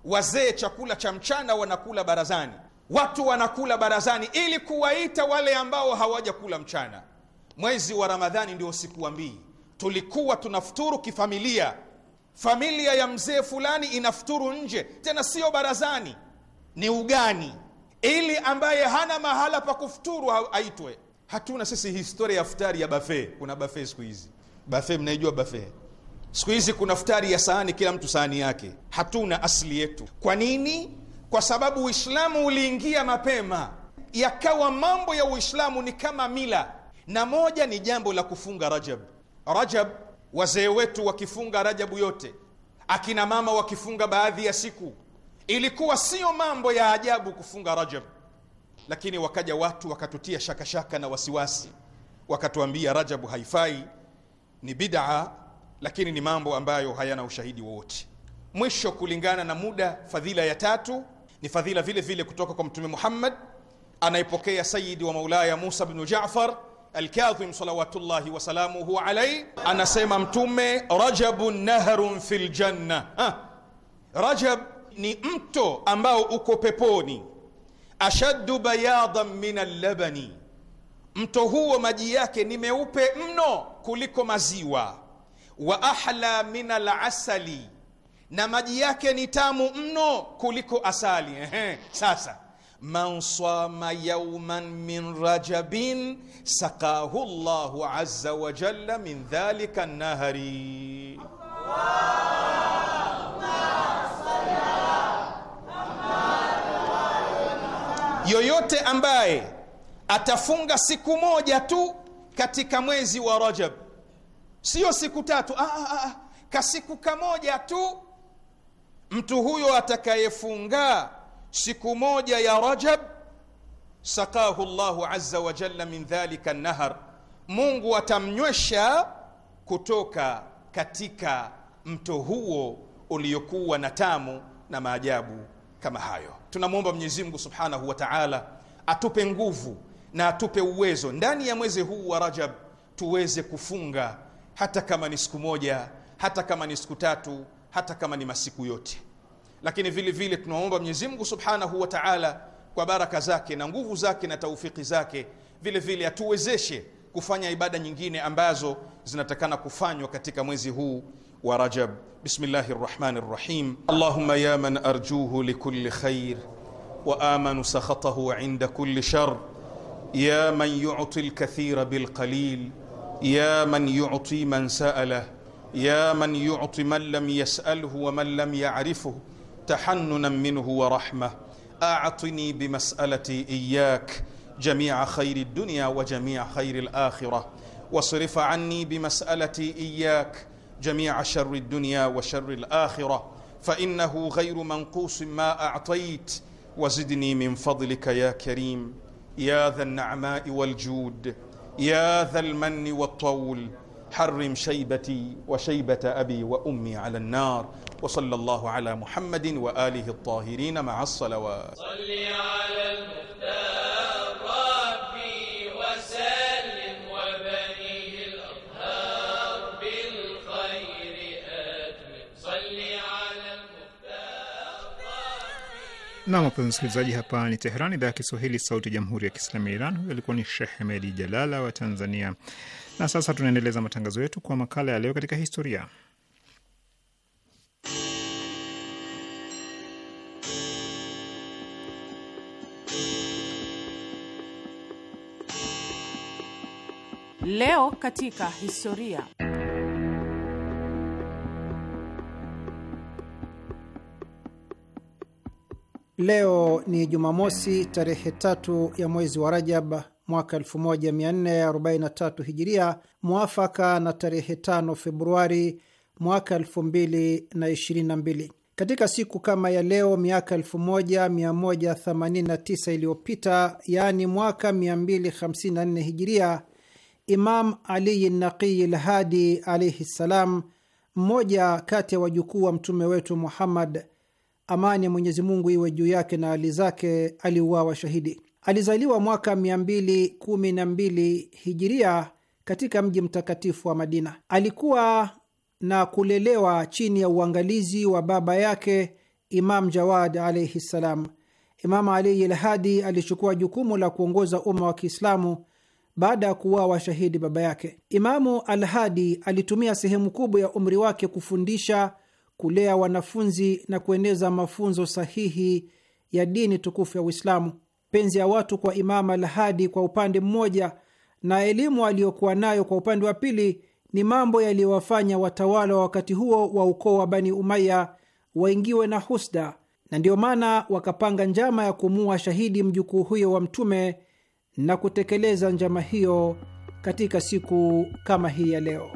wazee chakula cha mchana wanakula barazani, watu wanakula barazani ili kuwaita wale ambao hawajakula mchana. Mwezi wa Ramadhani ndio siku mbili tulikuwa tunafuturu kifamilia, familia ya mzee fulani inafuturu nje, tena sio barazani, ni ugani ili ambaye hana mahala pa kufuturu aitwe. Hatuna sisi historia ya futari ya bafe. Kuna bafe siku hizi, bafe mnaijua bafe siku hizi kuna futari ya sahani, kila mtu sahani yake. Hatuna asili yetu. Kwa nini? Kwa sababu Uislamu uliingia mapema, yakawa mambo ya Uislamu ni kama mila, na moja ni jambo la kufunga Rajab. Rajab, wazee wetu wakifunga Rajabu yote, akina mama wakifunga baadhi ya siku Ilikuwa siyo mambo ya ajabu kufunga Rajab, lakini wakaja watu wakatutia shakashaka shaka na wasiwasi, wakatuambia Rajabu haifai, ni bid'a, lakini ni mambo ambayo hayana ushahidi wowote. Mwisho, kulingana na muda, fadhila ya tatu ni fadhila vile vile kutoka kwa Mtume Muhammad anayepokea Sayyidi wa Maulaya Musa bnu Jafar Alkadhim salawatullahi wasalamuhu alaihi, anasema Mtume, Rajabu nahrun fil janna. Ah, Rajab ni mto ambao uko peponi, ashaddu bayadan min allabani, mto huo maji yake ni meupe mno kuliko maziwa. Wa ahla min alasali, na maji yake ni tamu mno kuliko asali. Ehe, sasa man sama yauman min rajabin sakahu llahu azza wa jalla min dhalika nahari Allah. yoyote ambaye atafunga siku moja tu katika mwezi wa Rajab, sio siku tatu, ah, ah, ah, ah, kasiku kamoja tu. Mtu huyo atakayefunga siku moja ya Rajab, sakahu Allahu azza wa jalla min dhalika nahar, Mungu atamnywesha kutoka katika mto huo uliokuwa na tamu na maajabu kama hayo tunamwomba Mwenyezi Mungu Subhanahu wa Ta'ala atupe nguvu na atupe uwezo ndani ya mwezi huu wa Rajab tuweze kufunga hata kama ni siku moja, hata kama ni siku tatu, hata kama ni masiku yote. Lakini vile vile tunaomba Mwenyezi Mungu Subhanahu wa Ta'ala kwa baraka zake na nguvu zake na taufiki zake, vile vile atuwezeshe kufanya ibada nyingine ambazo zinatakana kufanywa katika mwezi huu ورجب بسم الله الرحمن الرحيم اللهم يا من أرجوه لكل خير وآمن سخطه عند كل شر يا من يعطي الكثير بالقليل يا من يعطي من سأله يا من يعطي من لم يسأله ومن لم يعرفه تحننا منه ورحمة أعطني بمسألتي إياك جميع خير الدنيا وجميع خير الآخرة واصرف عني بمسألتي إياك جميع شر الدنيا وشر الاخره فانه غير منقوص ما اعطيت وزدني من فضلك يا كريم يا ذا النعماء والجود يا ذا المن والطول حرم شيبتي وشيبه ابي وامي على النار وصلى الله على محمد واله الطاهرين مع الصلوات صل على المختار Nam, mapenzi msikilizaji, hapa ni Teheran, idhaa ya Kiswahili, sauti ya jamhuri ya kiislamu ya Iran. Huyo alikuwa ni Shekh Hemedi Jalala wa Tanzania. Na sasa tunaendeleza matangazo yetu kwa makala ya leo katika historia. Leo katika historia Leo ni Jumamosi, tarehe tatu ya mwezi wa Rajab mwaka 1443 Hijiria, mwafaka na tarehe tano Februari mwaka 2022. Katika siku kama ya leo miaka 1189 iliyopita, yaani mwaka 254 Hijiria, Imam Aliyi Naqiyi Lhadi alaihi ssalam, mmoja kati ya wajukuu wa mtume wetu Muhammad amani ya Mwenyezi Mungu iwe juu yake na hali zake, aliuawa shahidi. Alizaliwa mwaka 212 hijiria katika mji mtakatifu wa Madina. Alikuwa na kulelewa chini ya uangalizi wa baba yake Imam Jawad alaihi ssalam. imamu Ali Alhadi alichukua jukumu la kuongoza umma wa Kiislamu baada ya kuuawa shahidi baba yake. Imamu Alhadi alitumia sehemu kubwa ya umri wake kufundisha kulea wanafunzi na kueneza mafunzo sahihi ya dini tukufu ya Uislamu. Penzi ya watu kwa Imam Alhadi kwa upande mmoja na elimu aliyokuwa nayo kwa upande wa pili ni mambo yaliyowafanya watawala wa wakati huo wa ukoo wa Bani Umaya waingiwe na husda, na ndiyo maana wakapanga njama ya kumuua shahidi mjukuu huyo wa Mtume na kutekeleza njama hiyo katika siku kama hii ya leo.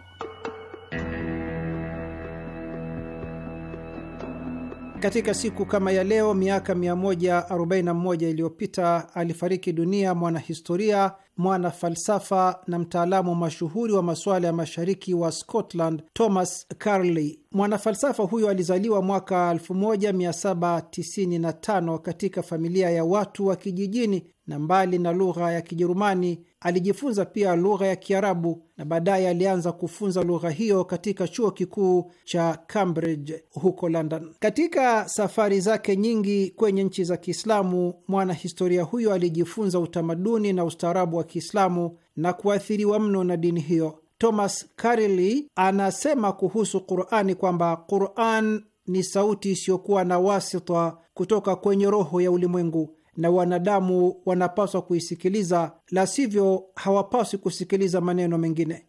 Katika siku kama ya leo miaka 141 iliyopita alifariki dunia mwanahistoria, mwana falsafa na mtaalamu mashuhuri wa masuala ya mashariki wa Scotland, Thomas Carlyle. Mwanafalsafa huyo alizaliwa mwaka 1795 katika familia ya watu wa kijijini, na mbali na lugha ya Kijerumani Alijifunza pia lugha ya Kiarabu na baadaye alianza kufunza lugha hiyo katika chuo kikuu cha Cambridge huko London. Katika safari zake nyingi kwenye nchi za Kiislamu, mwanahistoria huyo alijifunza utamaduni na ustaarabu wa Kiislamu na kuathiriwa mno na dini hiyo. Thomas Carlyle anasema kuhusu Qur'ani kwamba Qur'an ni sauti isiyokuwa na wasita kutoka kwenye roho ya ulimwengu na wanadamu wanapaswa kuisikiliza, la sivyo hawapaswi kusikiliza maneno mengine.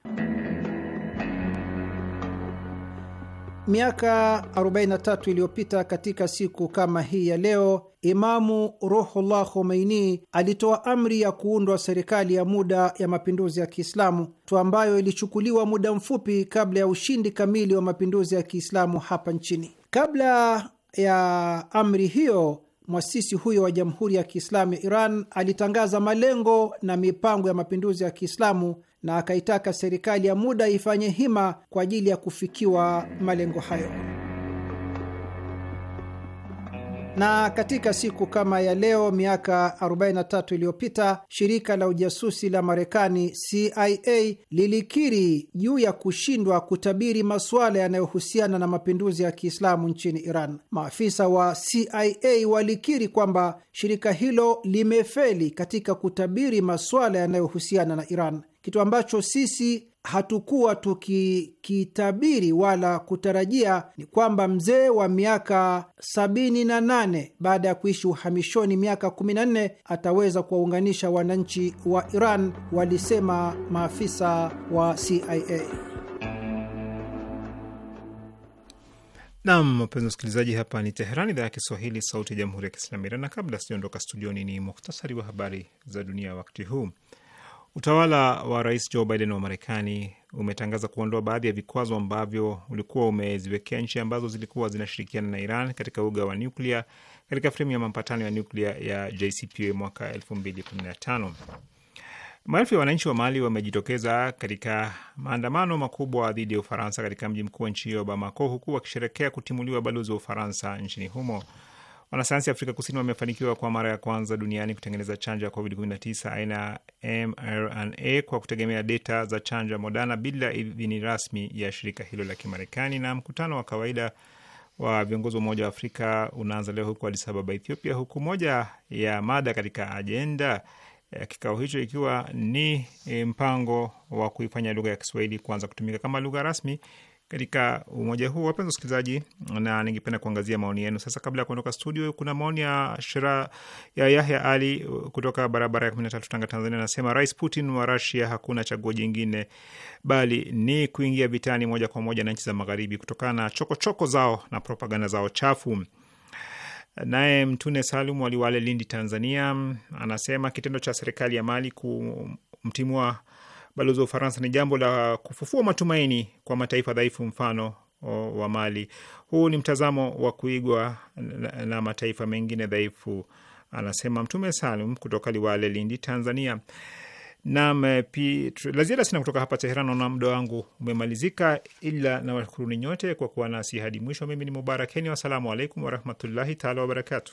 Miaka 43 iliyopita katika siku kama hii ya leo, Imamu Ruhullah Khomeini alitoa amri ya kuundwa serikali ya muda ya mapinduzi ya Kiislamu, tu ambayo ilichukuliwa muda mfupi kabla ya ushindi kamili wa mapinduzi ya Kiislamu hapa nchini. Kabla ya amri hiyo mwasisi huyo wa Jamhuri ya Kiislamu ya Iran alitangaza malengo na mipango ya mapinduzi ya Kiislamu na akaitaka serikali ya muda ifanye hima kwa ajili ya kufikiwa malengo hayo. Na katika siku kama ya leo miaka 43 iliyopita shirika la ujasusi la Marekani CIA lilikiri juu ya kushindwa kutabiri masuala yanayohusiana na mapinduzi ya Kiislamu nchini Iran. Maafisa wa CIA walikiri kwamba shirika hilo limefeli katika kutabiri masuala yanayohusiana na Iran, kitu ambacho sisi hatukuwa tukikitabiri wala kutarajia ni kwamba mzee wa miaka sabini na nane baada ya kuishi uhamishoni miaka kumi na nne ataweza kuwaunganisha wananchi wa Iran, walisema maafisa wa CIA. Nam, wapenzi wasikilizaji, hapa ni Teheran, idhaa ya Kiswahili, sauti ya jamhuri ya kiislamu Iran. Na kabla sijaondoka studioni, ni muhtasari wa habari za dunia wakati huu. Utawala wa rais Joe Biden wa Marekani umetangaza kuondoa baadhi ya vikwazo ambavyo ulikuwa umeziwekea nchi ambazo zilikuwa zinashirikiana na Iran katika uga wa nuklia katika fremu ya mapatano ya nuklia ya JCPOA mwaka 2015. Maelfu ya wananchi wa Mali wamejitokeza katika maandamano makubwa dhidi ya Ufaransa katika mji mkuu wa nchi hiyo Bamako, huku wakisherekea kutimuliwa balozi wa Ufaransa nchini humo. Wanasayansi Afrika Kusini wamefanikiwa kwa mara ya kwanza duniani kutengeneza chanjo ya COVID-19 aina ya mRNA kwa kutegemea data za chanjo ya Moderna bila idhini rasmi ya shirika hilo la Kimarekani. Na mkutano wa kawaida wa viongozi wa Umoja wa Afrika unaanza leo huko Addis Ababa, Ethiopia, huku moja ya mada katika ajenda ya kikao hicho ikiwa ni mpango wa kuifanya lugha ya Kiswahili kuanza kutumika kama lugha rasmi katika umoja huu, wapenzi wasikilizaji, na ningependa kuangazia maoni yenu sasa. Kabla ya kuondoka studio, kuna maoni ya Shira ya Yahya Ali kutoka barabara ya 13 Tanga, Tanzania, anasema Rais Putin wa Russia hakuna chaguo jingine bali ni kuingia vitani moja kwa moja na nchi za Magharibi kutokana na chokochoko choko zao na propaganda zao chafu. Naye Mtune Salum Waliwale, Lindi, Tanzania, anasema kitendo cha serikali ya Mali kumtimua balozi wa Ufaransa ni jambo la kufufua matumaini kwa mataifa dhaifu mfano wa Mali. Huu ni mtazamo wa kuigwa na, na mataifa mengine dhaifu, anasema Mtume Salum kutoka Liwale, Lindi, Tanzania. Nam eh, la ziada sina kutoka hapa Teheran. Naona muda wangu umemalizika, ila na washukuruni nyote kwa kuwa nasi hadi mwisho. Mimi ni Mubarakeni, wassalamu alaikum warahmatullahi taala wabarakatu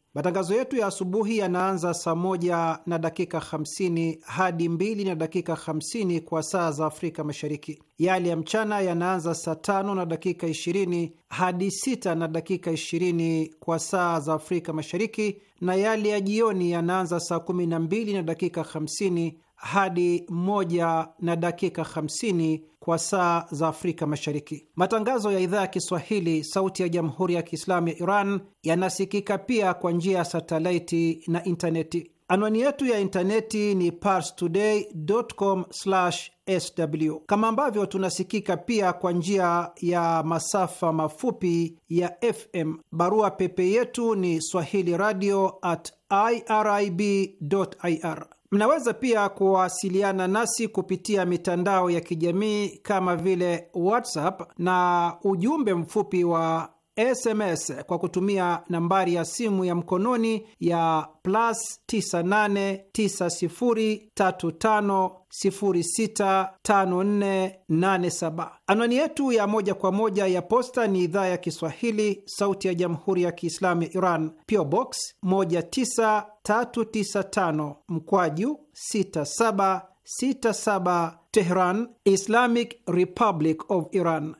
Matangazo yetu ya asubuhi yanaanza saa moja na dakika 50 hadi mbili na dakika 50 kwa saa za Afrika Mashariki. Yale ya mchana yanaanza saa tano na dakika 20 hadi sita na dakika 20 kwa saa za Afrika Mashariki, na yale ya jioni yanaanza saa 12 na dakika 50 hadi moja na dakika 50 kwa saa za Afrika Mashariki. Matangazo ya idhaa ya Kiswahili sauti ya Jamhuri ya Kiislamu ya Iran yanasikika pia kwa njia ya satelaiti na intaneti. Anwani yetu ya intaneti ni parstoday.com/sw, kama ambavyo tunasikika pia kwa njia ya masafa mafupi ya FM. Barua pepe yetu ni swahili radio at irib.ir Mnaweza pia kuwasiliana nasi kupitia mitandao ya kijamii kama vile WhatsApp na ujumbe mfupi wa SMS kwa kutumia nambari ya simu ya mkononi ya plus 989035065487. Anwani yetu ya moja kwa moja ya posta ni idhaa ya Kiswahili, sauti ya jamhuri ya kiislamu ya Iran, PO Box 19395 mkwaju 6767 Tehran, Islamic Republic of Iran.